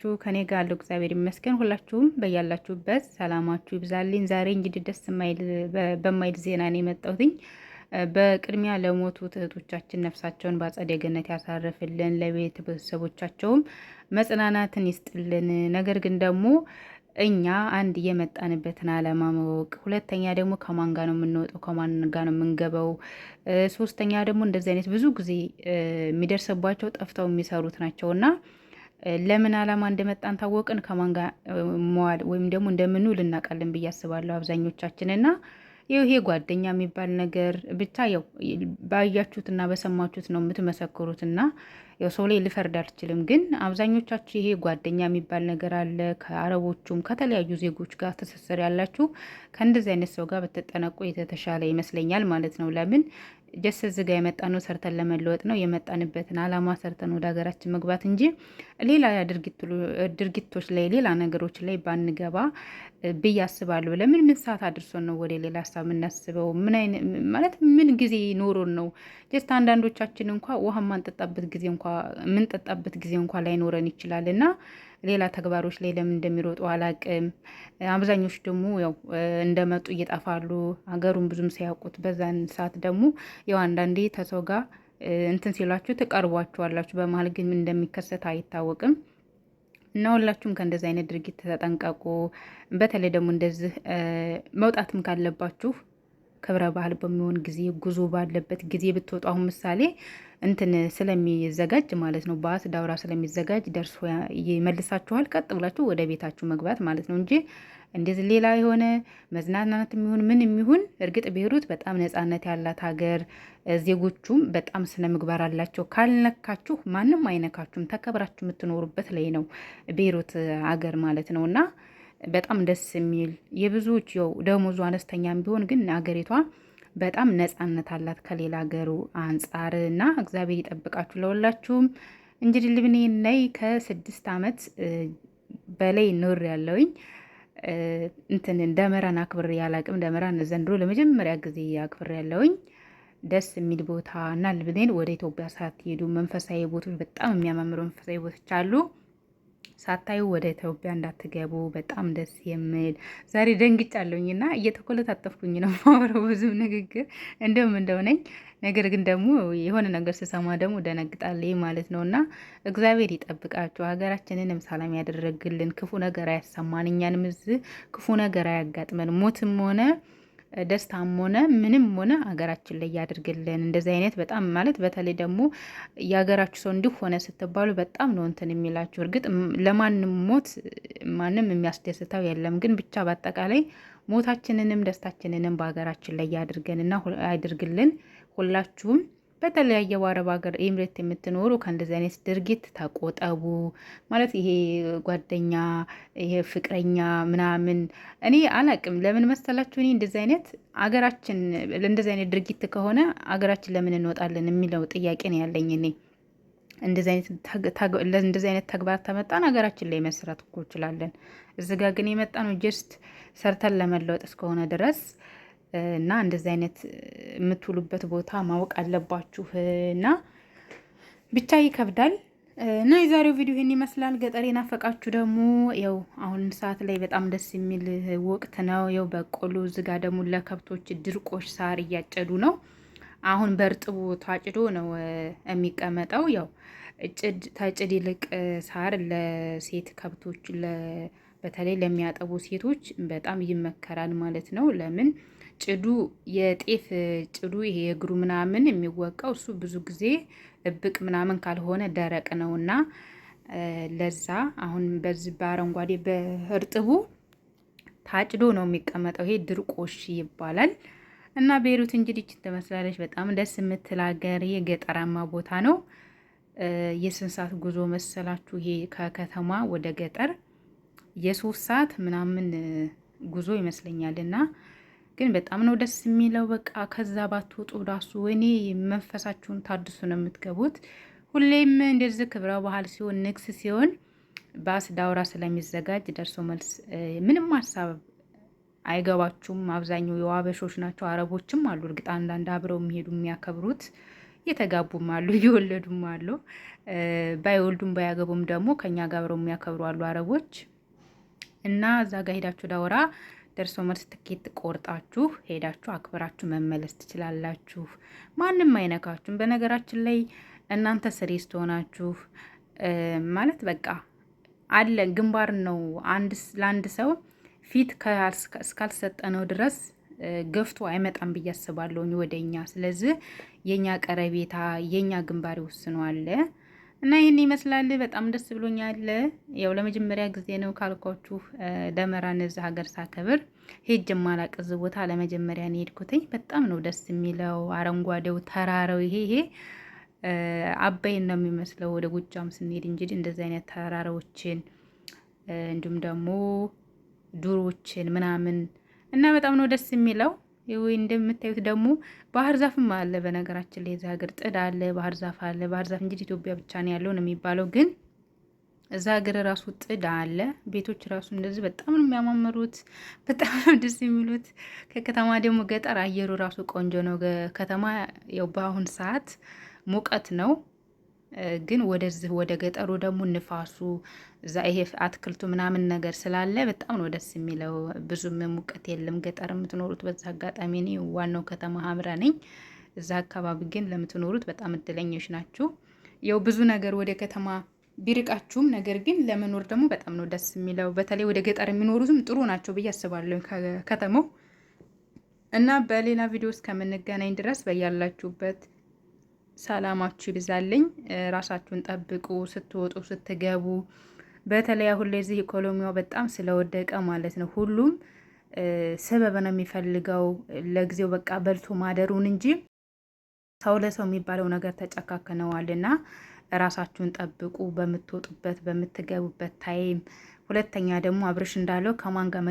ሁላችሁ ከኔ ጋር አለው እግዚአብሔር ይመስገን። ሁላችሁም በያላችሁበት ሰላማችሁ ይብዛልኝ። ዛሬ እንግዲህ ደስ በማይል ዜና ነው የመጣሁትኝ። በቅድሚያ ለሞቱ እህቶቻችን ነፍሳቸውን በአጸደ ገነት ያሳርፍልን፣ ቤተሰቦቻቸውም መጽናናትን ይስጥልን። ነገር ግን ደግሞ እኛ አንድ የመጣንበትን ዓላማ ማወቅ፣ ሁለተኛ ደግሞ ከማን ጋር ነው የምንወጣው፣ ከማን ጋር ነው የምንገበው፣ ሶስተኛ ደግሞ እንደዚህ አይነት ብዙ ጊዜ የሚደርስባቸው ጠፍተው የሚሰሩት ናቸውና ለምን ዓላማ እንደመጣን ታወቅን፣ ከማን ጋር መዋል ወይም ደግሞ እንደምንውል እናውቃለን ብዬ አስባለሁ አብዛኞቻችን እና ይሄ ጓደኛ የሚባል ነገር ብቻ ያው ባያችሁትና በሰማችሁት ነው የምትመሰክሩት። እና ያው ሰው ላይ ልፈርድ አልችልም፣ ግን አብዛኞቻችሁ ይሄ ጓደኛ የሚባል ነገር አለ። ከአረቦቹም ከተለያዩ ዜጎች ጋር ትስስር ያላችሁ ከእንደዚህ አይነት ሰው ጋር ብትጠነቁ የተሻለ ይመስለኛል ማለት ነው። ለምን ጀስ እዚህ ጋር የመጣ ነው ሰርተን ለመለወጥ ነው የመጣንበትን አላማ ሰርተን ወደ ሀገራችን መግባት እንጂ ሌላ ድርጊቶች ላይ ሌላ ነገሮች ላይ ባንገባ ብዬ አስባለሁ። ለምን ምን ሰዓት አድርሶን ነው ወደ ሌላ ሀሳብ የምናስበው? ምን ማለት ምን ጊዜ ኖሮን ነው? ጀስት አንዳንዶቻችን እንኳ ውሃ የማንጠጣበት ጊዜ እንኳ የምንጠጣበት ጊዜ እንኳ ላይኖረን ይችላል እና ሌላ ተግባሮች ላይ ለምን እንደሚሮጡ አላቅም። አብዛኞቹ ደግሞ ያው እንደመጡ እየጠፋሉ። ሀገሩን ብዙም ሳያውቁት በዛን ሰዓት ደግሞ ያው አንዳንዴ ተሰው ጋር እንትን ሲሏችሁ ትቀርቧችኋላችሁ። በመሀል ግን እንደሚከሰት አይታወቅም። እና ሁላችሁም ከእንደዚህ አይነት ድርጊት ተጠንቀቁ። በተለይ ደግሞ እንደዚህ መውጣትም ካለባችሁ ክብረ በዓል በሚሆን ጊዜ ጉዞ ባለበት ጊዜ ብትወጡ አሁን ምሳሌ እንትን ስለሚዘጋጅ ማለት ነው። በአስ ዳውራ ስለሚዘጋጅ ደርሶ ይመልሳችኋል። ቀጥ ብላችሁ ወደ ቤታችሁ መግባት ማለት ነው እንጂ እንደዚህ ሌላ የሆነ መዝናናት የሚሆን ምን የሚሆን እርግጥ ብሄሩት በጣም ነጻነት ያላት ሀገር፣ ዜጎቹም በጣም ስነ ምግባር አላቸው። ካልነካችሁ ማንም አይነካችሁም። ተከብራችሁ የምትኖሩበት ላይ ነው ቤይሩት ሀገር ማለት ነው እና በጣም ደስ የሚል የብዙዎች ደሞዙ አነስተኛም ቢሆን ግን አገሪቷ በጣም ነፃነት አላት ከሌላ ሀገሩ አንጻር እና እግዚአብሔር ይጠብቃችሁ ለሁላችሁም። እንግዲህ ልብኔ ላይ ከስድስት ዓመት በላይ ኖር ያለውኝ እንትን ደመራን አክብሬ አላቅም። ደመራን ዘንድሮ ለመጀመሪያ ጊዜ አክብሬ ያለውኝ ደስ የሚል ቦታ እና ልብኔን ወደ ኢትዮጵያ ሳትሄዱ መንፈሳዊ ቦቶች በጣም የሚያማምሩ መንፈሳዊ ቦቶች አሉ። ሳታዩ ወደ ኢትዮጵያ እንዳትገቡ። በጣም ደስ የሚል ዛሬ ደንግጫለሁኝ እና እየተኮለታጠፍኩኝ ነው የማወራው። ብዙም ንግግር እንደውም እንደው ነኝ። ነገር ግን ደግሞ የሆነ ነገር ስሰማ ደግሞ ደነግጣለሁ ማለት ነው እና እግዚአብሔር ይጠብቃችሁ፣ ሀገራችንንም ሰላም ያደረግልን፣ ክፉ ነገር አያሰማን፣ እኛንም ክፉ ነገር አያጋጥመን ሞትም ሆነ ደስታም ሆነ ምንም ሆነ ሀገራችን ላይ ያድርግልን። እንደዚህ አይነት በጣም ማለት በተለይ ደግሞ የሀገራችሁ ሰው እንዲሁ ሆነ ስትባሉ በጣም ነው እንትን የሚላችሁ። እርግጥ ለማንም ሞት ማንም የሚያስደስተው የለም፣ ግን ብቻ በአጠቃላይ ሞታችንንም ደስታችንንም በሀገራችን ላይ ያድርገን እና ያድርግልን ሁላችሁም በተለያየ አረብ ሀገር ኤምሬት የምትኖሩ ከእንደዚህ አይነት ድርጊት ተቆጠቡ። ማለት ይሄ ጓደኛ፣ ይሄ ፍቅረኛ ምናምን እኔ አላቅም። ለምን መሰላችሁ? እኔ እንደዚህ አይነት አገራችን ለእንደዚህ አይነት ድርጊት ከሆነ አገራችን ለምን እንወጣለን የሚለው ጥያቄ ነው ያለኝ እኔ እንደዚህ አይነት ተግባር ተመጣን ሀገራችን ላይ መስራት እኮ እንችላለን። እዚህ ጋ ግን የመጣ ነው ጀስት ሰርተን ለመለወጥ እስከሆነ ድረስ እና እንደዚህ አይነት የምትውሉበት ቦታ ማወቅ አለባችሁ እና ብቻ ይከብዳል። እና የዛሬው ቪዲዮ ይህን ይመስላል። ገጠር የናፈቃችሁ ደግሞ ያው አሁን ሰዓት ላይ በጣም ደስ የሚል ወቅት ነው። ያው በቆሎ ዝጋ ደግሞ ለከብቶች ድርቆሽ ሳር እያጨዱ ነው። አሁን በእርጥቡ ታጭዶ ነው የሚቀመጠው። ያው ጭድ ተጭድ ይልቅ ሳር ለሴት ከብቶች በተለይ ለሚያጠቡ ሴቶች በጣም ይመከራል ማለት ነው ለምን ጭዱ የጤፍ ጭዱ ይሄ የእግሩ ምናምን የሚወቀው እሱ ብዙ ጊዜ እብቅ ምናምን ካልሆነ ደረቅ ነው እና ለዛ አሁን በዚህ በአረንጓዴ በእርጥቡ ታጭዶ ነው የሚቀመጠው። ይሄ ድርቆሽ ይባላል እና ቤሩት እንግዲህ ትመስላለች። በጣም ደስ የምትል ሀገር፣ የገጠራማ ቦታ ነው። የስንት ሰዓት ጉዞ መሰላችሁ? ይሄ ከከተማ ወደ ገጠር የሶስት ሰዓት ምናምን ጉዞ ይመስለኛል እና ግን በጣም ነው ደስ የሚለው። በቃ ከዛ ባትወጡ ራሱ እኔ መንፈሳችሁን ታድሱ ነው የምትገቡት። ሁሌም እንደዚህ ክብረ ባህል ሲሆን ንግስ ሲሆን ባስ ዳውራ ስለሚዘጋጅ ደርሶ መልስ ምንም ሀሳብ አይገባችሁም። አብዛኛው የዋበሾች ናቸው። አረቦችም አሉ እርግጥ አንዳንድ አብረው የሚሄዱ የሚያከብሩት የተጋቡም አሉ እየወለዱም አሉ። ባይወልዱም ባያገቡም ደግሞ ከኛ ጋር አብረው የሚያከብሩ አሉ አረቦች እና እዛ ጋር ሄዳችሁ ዳውራ ደርሶ መልስ ትኬት ቆርጣችሁ ሄዳችሁ አክብራችሁ መመለስ ትችላላችሁ። ማንም አይነካችሁም። በነገራችን ላይ እናንተ ስሬ ስትሆናችሁ ማለት በቃ አለ ግንባር ነው። አንድ ለአንድ ሰው ፊት እስካልሰጠነው ድረስ ገፍቶ አይመጣም ብዬ አስባለሁኝ ወደኛ ስለዚህ የኛ ቀረቤታ የኛ ግንባር ይወስነዋል። እና ይህን ይመስላል። በጣም ደስ ብሎኛል። ያው ለመጀመሪያ ጊዜ ነው ካልኳችሁ ደመራን እዛ ሀገር ሳከብር ሄጅ የማላቅዝ ቦታ ለመጀመሪያ ነው የሄድኩትኝ። በጣም ነው ደስ የሚለው አረንጓዴው ተራራው። ይሄ ይሄ አባይን ነው የሚመስለው ወደ ጎጃም ስንሄድ እንጂ እንደዚህ አይነት ተራራዎችን እንዲሁም ደግሞ ዱሮችን ምናምን እና በጣም ነው ደስ የሚለው ወይ እንደምታዩት ደግሞ ባህር ዛፍም አለ። በነገራችን ላይ እዚህ ሀገር ጥድ አለ፣ ባህር ዛፍ አለ። ባህር ዛፍ እንግዲህ ኢትዮጵያ ብቻ ነው ያለው ነው የሚባለው፣ ግን እዛ ሀገር ራሱ ጥድ አለ። ቤቶች ራሱ እንደዚህ በጣም ነው የሚያማምሩት፣ በጣም ነው ደስ የሚሉት። ከከተማ ደግሞ ገጠር አየሩ ራሱ ቆንጆ ነው። ከተማ ያው በአሁን ሰዓት ሙቀት ነው። ግን ወደዚህ ወደ ገጠሩ ደግሞ ንፋሱ እዛ ይሄ አትክልቱ ምናምን ነገር ስላለ በጣም ነው ደስ የሚለው። ብዙም ሙቀት የለም ገጠር የምትኖሩት። በዛ አጋጣሚ እኔ ዋናው ከተማ ሀምራ ነኝ። እዛ አካባቢ ግን ለምትኖሩት በጣም እድለኞች ናችሁ። ያው ብዙ ነገር ወደ ከተማ ቢርቃችሁም ነገር ግን ለመኖር ደግሞ በጣም ነው ደስ የሚለው። በተለይ ወደ ገጠር የሚኖሩትም ጥሩ ናቸው ብዬ አስባለሁ ከተማው እና በሌላ ቪዲዮ እስከምንገናኝ ድረስ በያላችሁበት ሰላማችሁ ይብዛልኝ። ራሳችሁን ጠብቁ፣ ስትወጡ ስትገቡ። በተለይ አሁን ላይ እዚህ በጣም ስለወደቀ ማለት ነው ሁሉም ሰበብ ነው የሚፈልገው ለጊዜው በቃ በልቶ ማደሩን እንጂ ሰው ለሰው የሚባለው ነገር ተጨካክነዋልና ራሳችሁን ጠብቁ። በምትወጡበት በምትገቡበት ታይም። ሁለተኛ ደግሞ አብርሽ እንዳለው ከማን ጋር